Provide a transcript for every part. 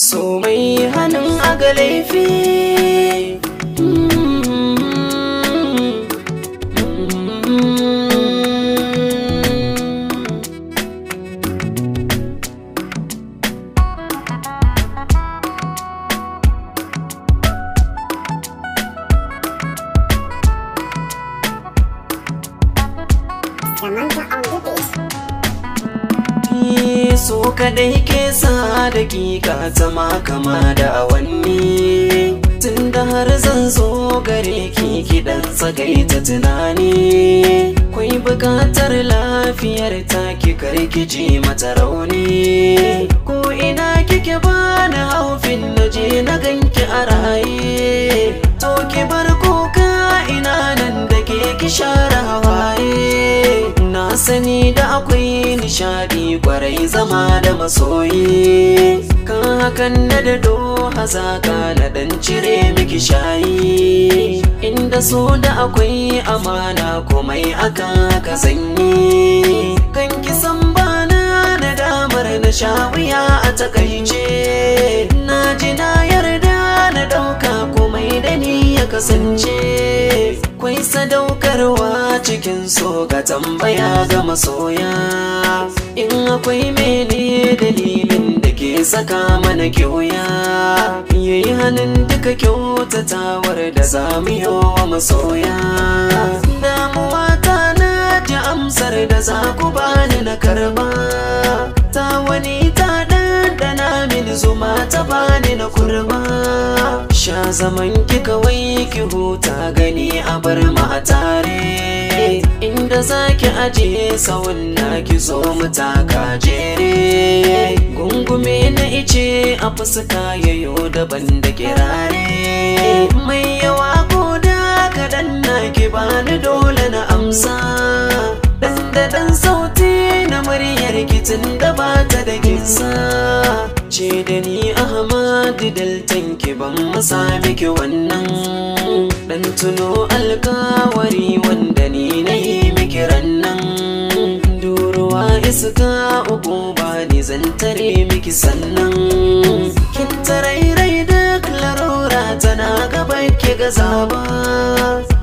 so mai hannun aga laifi so kadai ke sa da dakika zama kama da awanni Tunda har zan zo gare ki kiɗan tsagaita tunani kwai bukatar lafiyar ta ki karki ji mata rauni ko ina nishadi kwarai zama da masoyi kan hakan na da hazaka na dan cire miki shayi inda so da akwai amana komai akan haka zanyi kan kisan bana na damar na sha a takaice na ji na yarda na dauka komai da ni ya kasance sadaukarwa cikin so ga tambaya ga masoya in akwai mene dalilin da ke saka mana kyoya yayi hannun duka kyautatawar da zamu wa masoya damuwa ta na ji amsar da za ku bani na karba ta wani ta ɗanɗana min zuma ta bani na kurba sha zaman ki kawai ki huta gani a bar mu a tare inda zaki ajiye sawun na ki zo mu taka jere gungume na ice a fuska yayo daban da kirare mai yawa ko da kaɗan na ki bani dole na amsa dan da dan sauti na muryar kitin da bata da kisa ce da ni ahmadu daltan ki ban masa miki wannan dan tuno alkawari wanda ni na yi miki rannan duruwa iska uku ba ni zan miki sannan kin tarairai da larura tana gaba ki gaza ba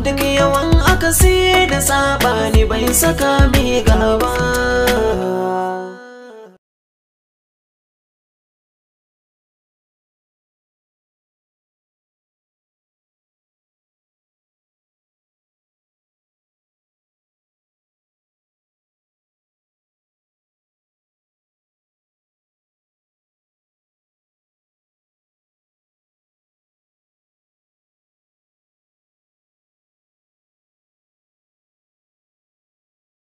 duk yawan akasi da saba ni bai saka mi gaba